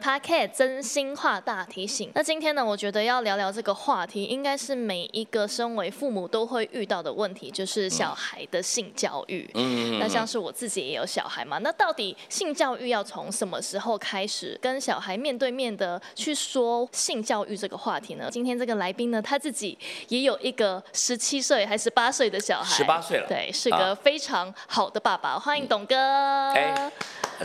p o e 真心話大提醒。那今天呢，我覺得要聊聊這個話題，應該是每一個身為父母都會遇到的問題，就是小孩的性教育。嗯嗯。那像是我自己也有小孩嘛，那到底性教育要從什麼時候開始，跟小孩面對面的去說性教育這個話題呢？今天這個來賓呢，他自己也有一個十七歲還是八歲的小孩，十八歲了，對，是個非常好的爸爸。啊、歡迎董哥。欸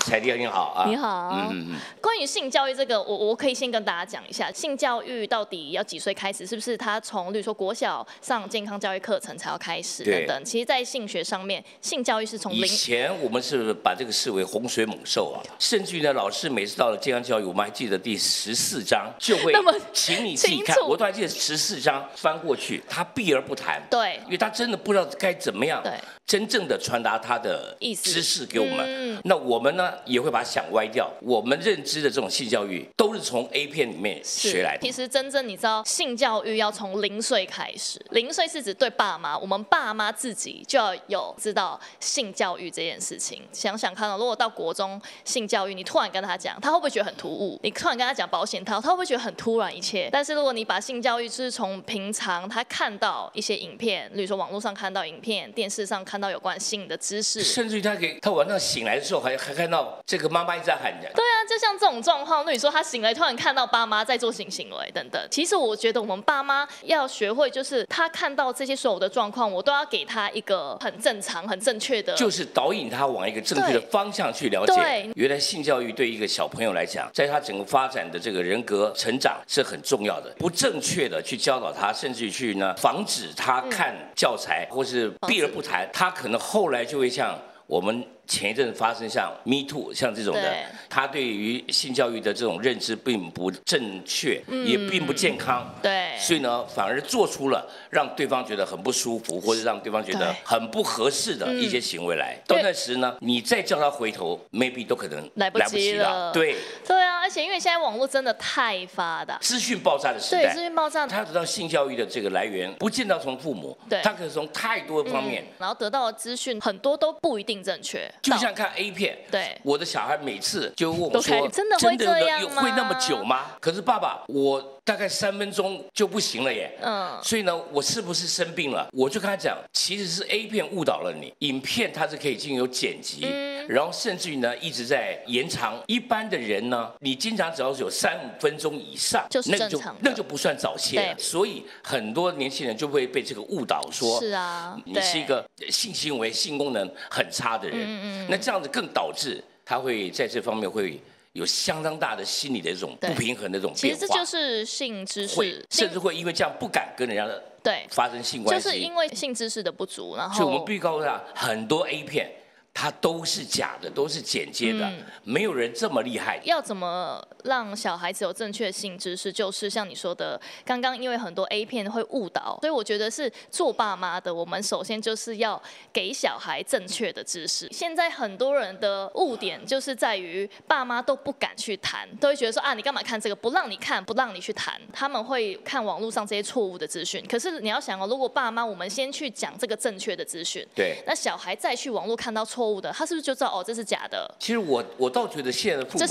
采緹你好啊！你好、啊，嗯嗯關於性教育這個，我我可以先跟大家講一下，性教育到底要幾歲開始？是不是他從，例如說國小上,上健康教育課程才要開始？對等,等。其實，在性學上面，性教育是從零。以前我們是把這個視為洪水猛獸啊，甚至於呢，老師每次到了健康教育，我們還記得第十四章就會。那麼，請你自己看，我都還記得十四章翻過去，他避而不談。對。因為他真的不知道該怎麼樣。對。真正的傳達他的意思、知識給我們，嗯、那我們呢也會把它想歪掉。我們認知的這種性教育都是從 A 片裡面學來的。其實真正你知道，性教育要從零歲開始。零歲是指對爸媽，我們爸媽自己就要有知道性教育這件事情。想想看，如果到國中性教育，你突然跟他講，他會不會覺得很突兀？你突然跟他講保險套，他會不會覺得很突然？一切。但是如果你把性教育就是從平常他看到一些影片，例如說網絡上看到影片，電視上看。看到有關性的知識，甚至於他給他晚上醒來的時候還，還還看到這個媽媽一直在喊人。對啊，就像這種狀況，那你說他醒來突然看到爸媽在做性行為等等，其實我覺得我們爸媽要學會，就是他看到這些所有的狀況，我都要給他一個很正常、很正確的，就是導引他往一個正確的方向去了解。對，對原來性教育對一個小朋友來講，在他整個發展的這個人格成長是很重要的。不正確的去教導他，甚至於去呢防止他看教材，嗯、或是避而不談他。他可能後來就會像我們。前一陣子發生像 Me Too 像這種的，他對於性教育的這種認知並不正確，嗯、也並不健康對，所以呢，反而做出了讓對方覺得很不舒服，或者讓對方覺得很不合適的一些行為來。到那時呢，你再叫他回頭，maybe 都可能來不及了，來不及了對。對，對啊，而且因為現在網絡真的太發達，資訊爆炸的時代，資訊爆炸，他得到性教育的這個來源，不見得從父母，對，他可能從太多方面，嗯、然後得到的資訊很多都不一定正確。就像看 A 片，對，我的小孩每次就問我說：“ okay, 真的，會，真的會那麼久嗎？”可是爸爸，我大概三分鐘就不行了耶。嗯，所以呢，我是不是生病了？我就跟他講，其實是 A 片誤導了你，影片它是可以進行剪輯。嗯然後甚至於呢，一直在延長。一般的人呢，你經常只要是有三五分鐘以上，就是、正常那就，那就不算早洩了。所以很多年輕人就會被這個誤導說，說是啊，你是一個性行為、性功能很差的人。嗯嗯。那這樣子更導致他會在這方面會有相當大的心理的一種不平衡的這種變化。其實這就是性知識性，甚至會因為這樣不敢跟人家對發生性關係，就是因為性知識的不足。然後，所以我們必須告訴他，很多 A 片。它都是假的，都是剪接的。嗯，沒有人這麼厲害。要怎麼讓小孩子有正確性知識？就是像你說的，剛剛因為很多 A 片會誤導，所以我覺得是做爸媽的，我們首先就是要給小孩正確的知識。現在很多人的誤點就是在於爸媽都不敢去談，都會覺得說啊，你幹嘛看這個？不讓你看，不讓你去談。他們會看網絡上這些錯誤的資訊。可是你要想哦，如果爸媽我們先去講這個正確的資訊，對，那小孩再去網絡看到錯。他是不是就知道哦，這是假的？其實我我倒覺得現在的父母親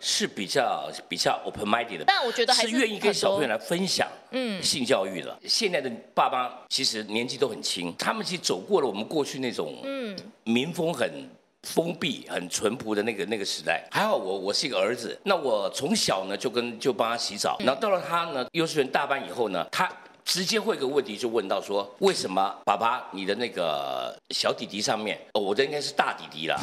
是比較比較 open minded 的。但我覺得還是，是願意跟小朋友來分享嗯性教育的。現在的爸爸其實年紀都很輕，他們其實走過了我們過去那種嗯民風很封閉、很淳樸的那個那個時代。還好我我是一個兒子，那我從小呢就跟就幫他洗澡，然後到了他呢幼稚園大班以後呢，他。直接會一個問題就問到說，為什麼爸爸你的那個小弟弟上面，哦，我的應該是大弟弟了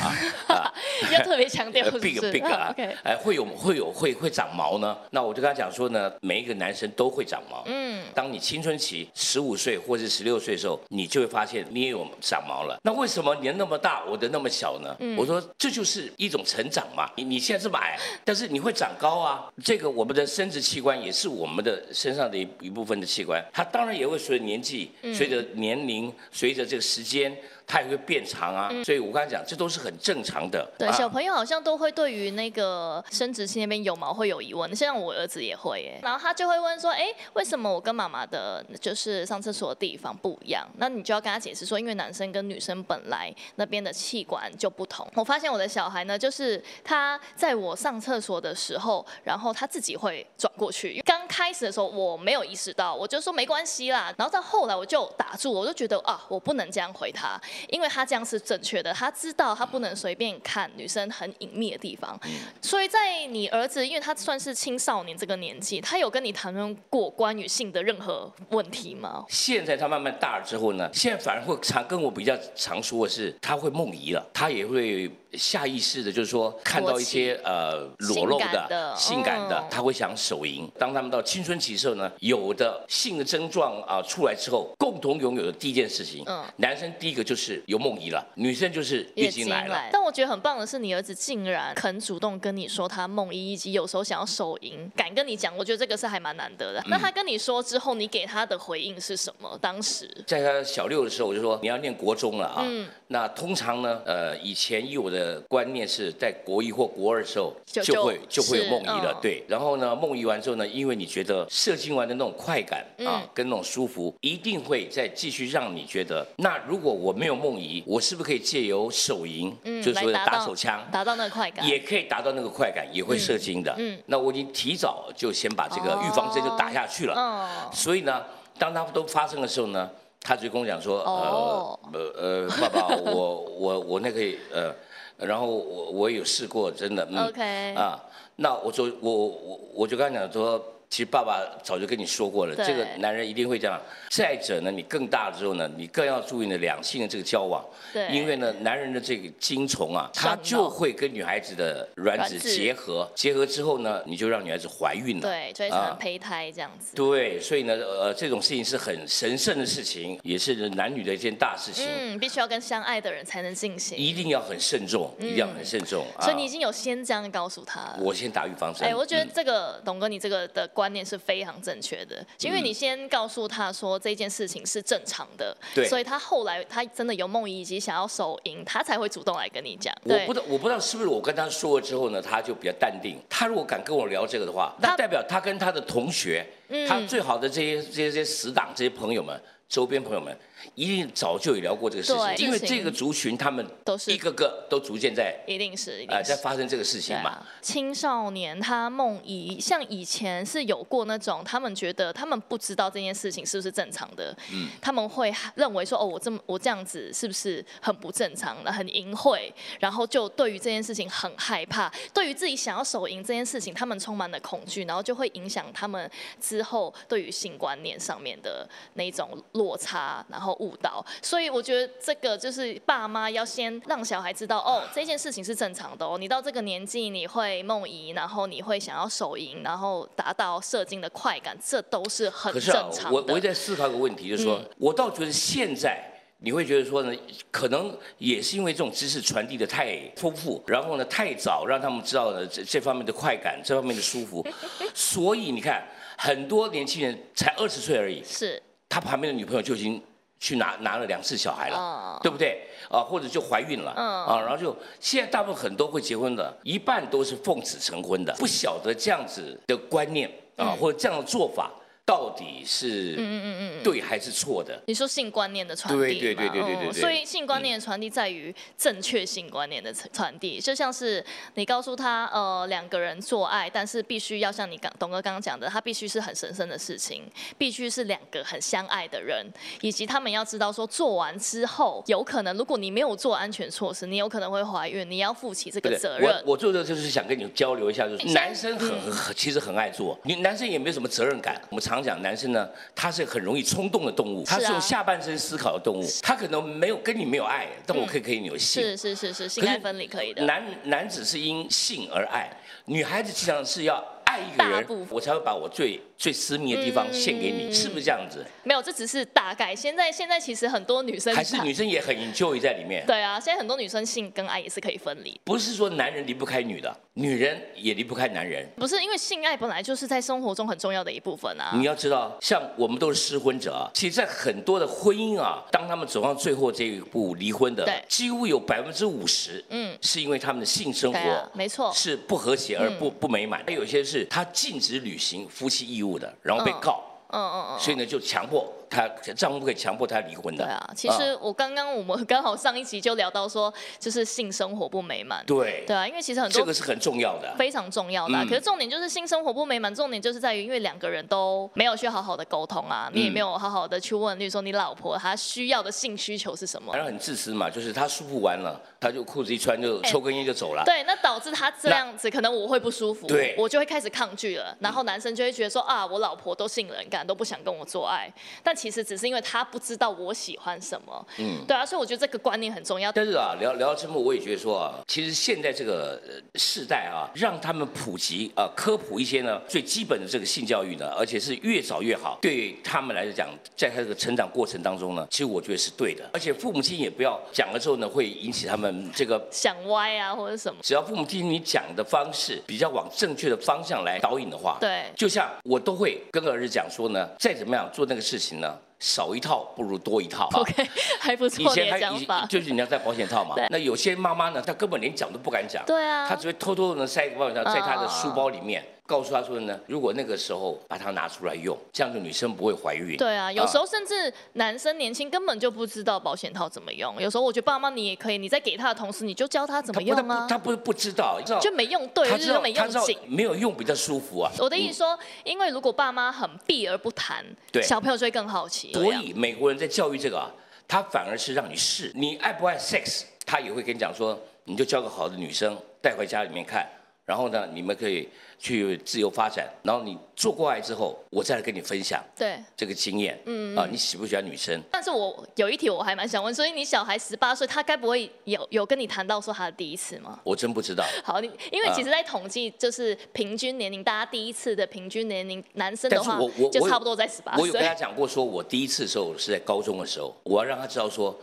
啊， 要特別強調 big big，哎、uh, okay.，會有會有會會長毛呢？那我就跟他講說呢，每一個男生都會長毛，嗯，當你青春期十五歲或者十六歲的時候，你就會發現你也有長毛了。那為什麼你的那麼大，我的那麼小呢？嗯、我說這就是一種成長嘛，你你現在這麼矮，但是你會長高啊。這個我們的生殖器官也是我們的身上的一一部分的器官。他當然也會隨着年紀，隨、嗯、着年齡，隨着這個時間，他也會變長啊。嗯、所以我剛才講，這都是很正常的。對，啊、小朋友好像都會對於那個生殖器那邊有毛會有疑問，像我兒子也會耶、欸。然後他就會問說：“哎、欸，為什麼我跟媽媽的，就是上廁所的地方不一樣？”那你就要跟他解釋說，因為男生跟女生本來那邊的器官就不同。我發現我的小孩呢，就是他在我上廁所的時候，然後他自己會轉過去。開始的時候我沒有意識到，我就說沒關係啦。然後到後來我就打住了，我就覺得啊，我不能這樣回他，因為他這樣是正確的。他知道他不能隨便看女生很隱秘的地方。所以在你兒子，因為他算是青少年這個年紀，他有跟你談論過關於性的任何問題嗎？現在他慢慢大了之後呢，現在反而會常跟我比較常說的是，他會夢遺了，他也會下意識的，就是說看到一些呃裸露的、性感的，嗯、性感的，他會想手淫。當他們到青春期時候呢，有的性的症狀啊、呃、出來之後，共同擁有的第一件事情，嗯、男生第一個就是有夢遺了，女生就是月經來，來了。但我覺得很棒的是，你兒子竟然肯主動跟你說他夢遺，以及有時候想要手淫，敢跟你講，我覺得這個是還蠻難得的、嗯。那他跟你說之後，你給他的回應是什麼？當時在他小六的時候，我就說你要念國中了啊、嗯。那通常呢，呃，以前以我的觀念是在國一或國二的時候就，就，就會就會有夢遺了、嗯，對。然後呢，夢遺完之後呢，因為你你覺得射精完的那種快感、嗯、啊，跟那種舒服，一定會再繼續讓你覺得。那如果我沒有夢遺，我是不是可以借由手淫、嗯，就是說打手槍，達、嗯、到、到那個快感，也可以達到那個快感，也會射精的。嗯嗯、那我已經提早就先把這個預防針就打下去了、哦。所以呢，當它都發生的時候呢，他就跟我講說，哦、呃呃爸爸，我我我那個呃，然後我我有試過，真的、嗯、OK 啊，那我就我我我就跟他講說。其實爸爸早就跟你說過了，這個男人一定會這樣。再者呢，你更大了之後呢，你更要注意呢兩性的這個交往，對。因為呢，男人的這個精蟲啊，他就會跟女孩子的卵子結合，結合之後呢，你就讓女孩子懷孕了，對，就產生胚胎，啊、這樣子。對，所以呢，呃，這種事情是很神聖的事情，也是男女的一件大事情。嗯，必須要跟相愛的人才能進行，一定要很慎重，嗯、一定要很慎重、嗯啊。所以你已經有先這樣告訴他，我先打預防針。哎、欸，我覺得這個、嗯、董哥，你這個的關。觀念是非常正確的，因為你先告訴他說這件事情是正常的，嗯，對，所以他後來他真的有夢遺以及想要手淫，他才會主動來跟你講。我不知道，我不知道是不是我跟他說了之後呢，他就比較淡定。他如果敢跟我聊這個的話，那代表他跟他的同學，他最好的這些這些，這些死黨這些朋友們。周邊朋友們一定早就有聊過這個事情，因為這個族群都是他們一個個都逐漸在，一定是，一定是、呃、在發生這個事情嘛。啊、青少年他夢遺像以前是有過那種，他們覺得他們不知道這件事情是不是正常的，嗯、他們會認為說哦，我這麼我這樣子是不是很不正常，很淫穢，然後就對於這件事情很害怕，對於自己想要手淫這件事情，他們充滿了恐懼，然後就會影響他們之後對於性觀念上面的那一種。落差，然後誤導，所以我覺得這個就是爸媽要先讓小孩知道，哦，這件事情是正常的哦，你到這個年紀你會夢遺，然後你會想要手淫，然後達到射精的快感，這都是很正常的。可是、啊、我我在思考一個問題，就是說、嗯、我倒覺得現在你會覺得說呢，可能也是因為這種知識傳遞得太豐富，然後呢太早讓他們知道呢這這方面的快感，這方面的舒服，所以你看 很多年輕人才二十歲而已。是。他旁邊的女朋友就已經去拿拿了兩次小孩了，oh. 對不對？啊，或者就懷孕了，oh. 啊，然後就現在大部分很多會結婚的，一半都是奉子成婚的，不曉得這樣子的觀念啊、嗯，或者這樣的做法。到底是嗯嗯嗯，對還是錯的？你說性觀念的傳遞，對對對對對對、對。嗯，所以性觀念的傳遞在於正確性觀念的傳遞，就像是你告訴他，呃，兩個人做愛，但是必須要像你剛董哥剛剛講的，他必須是很神聖的事情，必須是兩個很相愛的人，以及他們要知道說做完之後，有可能如果你沒有做安全措施，你有可能會懷孕，你要負起這個責任。我我做的就是想跟你交流一下，就是男生很很其實很愛做，你男生也沒有什麼責任感，我們常。講，男生呢，他是很容易衝動的動物，他是有下半身思考的動物，他可能沒有跟你沒有愛，但我可以給你有性。是是是是，性愛分離可以的。男男子是因性而愛，女孩子其實是要愛一個人，我才會把我最。最私密的地方獻給你、嗯，是不是這樣子？沒有，這只是大概。現在現在其實很多女生是還,還是女生也很 enjoy 在裡面。對啊，現在很多女生性跟愛也是可以分離。不是說男人離不開女的，女人也離不開男人。不是因為性愛本來就是在生活中很重要的一部分啊。你要知道，像我們都是失婚者啊，其實在很多的婚姻啊，當他們走上最後這一步離婚的，對，幾乎有百分之五十，嗯，是因為他們的性生活、啊、沒錯是不和諧而不、嗯、不美滿。還有些是他禁止履行夫妻義務。然後被告、oh,，oh, oh, oh. 所以呢，就強迫。他丈夫不可以強迫他離婚的。對啊，其實我剛剛我們剛好上一集就聊到說，就是性生活不美滿。對。對啊，因為其實很多這個是很重要的、啊，非常重要的、啊嗯。可是重點就是性生活不美滿，重點就是在於因為兩個人都沒有去好好的溝通啊，你也沒有好好的去問例如說你老婆她需要的性需求是什麼。反正很自私嘛，就是他舒服完了，他就褲子一穿就、欸、抽根煙就走了。對，那導致他這樣子，可能我會不舒服，對，我就會開始抗拒了，然後男生就會覺得說、嗯、啊，我老婆都性冷感，都不想跟我做愛，但。其實只是因為他不知道我喜歡什麼，嗯，對啊，所以我覺得這個觀念很重要、嗯。但是啊，聊聊到這麼，我也覺得說啊，其實現在這個世代啊，讓他們普及啊、呃、科普一些呢最基本的這個性教育呢，而且是越早越好，對他們來講，在他這個成長過程當中呢，其實我覺得是對的。而且父母親也不要講了之後呢，會引起他們這個想歪啊或者什麼。只要父母聽你講的方式比較往正確的方向來導引的話，對，就像我都會跟兒子講說呢，再怎麼樣做那個事情呢。少一套不如多一套。OK，還不錯的想法。以前他以前就是你要帶保險套嘛，那有些媽媽呢，她根本連講都不敢講。對啊，她只會偷偷的塞一個保險套在她的書包裡面。Okay。告訴他說呢，如果那個時候把它拿出來用，這樣的女生不會懷孕。對啊，有時候甚至男生年輕根本就不知道保險套怎麼用。有時候我覺得爸媽你也可以，你在給他的同時，你就教他怎麼用啊，他不他不，他不，不知道，知道，就沒用對，他就是沒用，沒有用比較舒服啊。我的意思說，嗯，因為如果爸媽很避而不談，對，小朋友就會更好奇。啊，所以美國人在教育這個啊，他反而是讓你試。你愛不愛 sex，他也會跟你講說，你就教個好的女生帶回家裡面看。然後呢，你們可以去自由發展。然後你做過愛之後，我再來跟你分享。對，這個經驗。嗯啊，你喜不喜歡女生？但是我有一題我還蠻想問，所以你小孩十八歲，他該不會有有跟你談到說他的第一次嗎？我真不知道。好，你因為其實在統計就是平均年齡、啊，大家第一次的平均年齡，男生的話是我我就差不多在十八歲。我有跟他講過說，說我第一次的時候是在高中的時候，我要讓他知道說。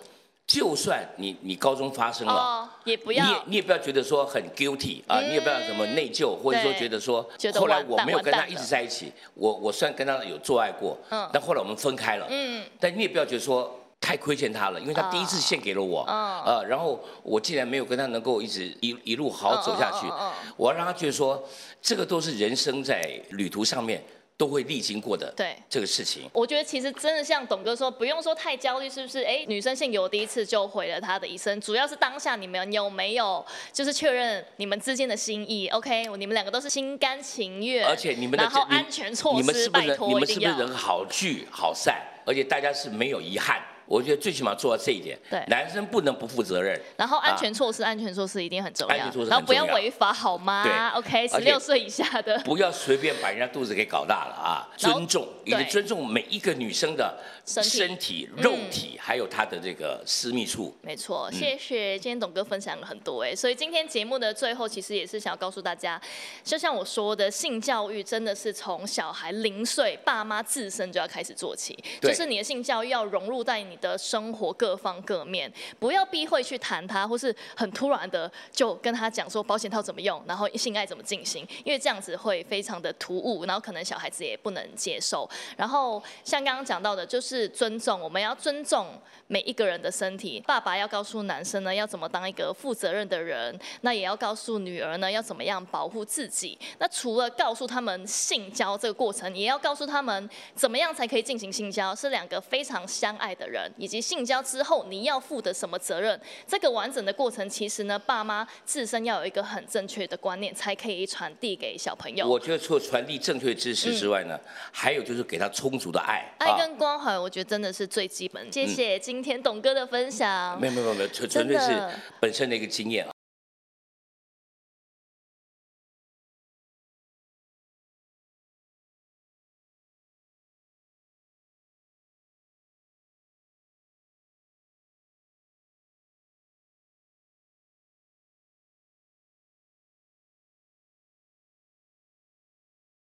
就算你你高中發生了，哦、也不要你也你也不要覺得說很 guilty，嗯、啊，你也不要什麼內疚，或者說覺得說覺得。後來我沒有跟他一直在一起，我我雖然跟他有做愛過，嗯、但後來我們分開了，嗯、但你也不要覺得說太虧欠他了，因為他第一次獻給了我，啊、嗯呃，然後我竟然沒有跟他能夠一直一一路好好走下去，嗯嗯嗯、我要讓他覺得說，這個都是人生在旅途上面。都會歷經過的，對，這個事情，我覺得其實真的像董哥說，不用說太焦慮，是不是？哎，女生性有第一次就毀了她的一生，主要是當下你們有沒有就是確認你們之間的心意？OK，你們兩個都是心甘情願，而且你們的然後安全措施，你，你們是不是？你們是不是人好聚好散，而且大家是沒有遺憾。我覺得最起碼做到這一點，對，男生不能不負責任啊。然後安全措施，安全措施一定很重要。安全然後不要違法，好嗎？對，OK。十六歲以下的。不要隨便把人家肚子給搞大了啊！尊重，你的尊重每一個女生的身體、身體、肉體，還有她的這個私密處，嗯。沒錯，謝謝今天董哥分享了很多哎，欸。所以今天節目的最後，其實也是想要告訴大家，就像我說的，性教育真的是從小孩零歲，爸媽自身就要開始做起，就是你的性教育要融入在你。你的生活各方各面，不要避諱去談他，或是很突然的就跟他講說保險套怎麼用，然後性愛怎麼進行，因為這樣子會非常的突兀，然後可能小孩子也不能接受。然後像剛剛講到的，就是尊重，我們要尊重每一個人的身體。爸爸要告訴男生呢，要怎麼當一個負責任的人，那也要告訴女兒呢，要怎麼樣保護自己。那除了告訴他們性交這個過程，也要告訴他們怎麼樣才可以進行性交，是兩個非常相愛的人。以及性交之後你要負的什麼責任？這個完整的過程，其實呢，爸媽自身要有一個很正確的觀念，才可以傳遞給小朋友。我覺得除了傳遞正確知識之外呢、嗯，還有就是給他充足的愛，愛跟關懷，我覺得真的是最基本、啊。謝謝今天董哥的分享。嗯、沒有沒有沒有，純純粹是本身的一個經驗、啊。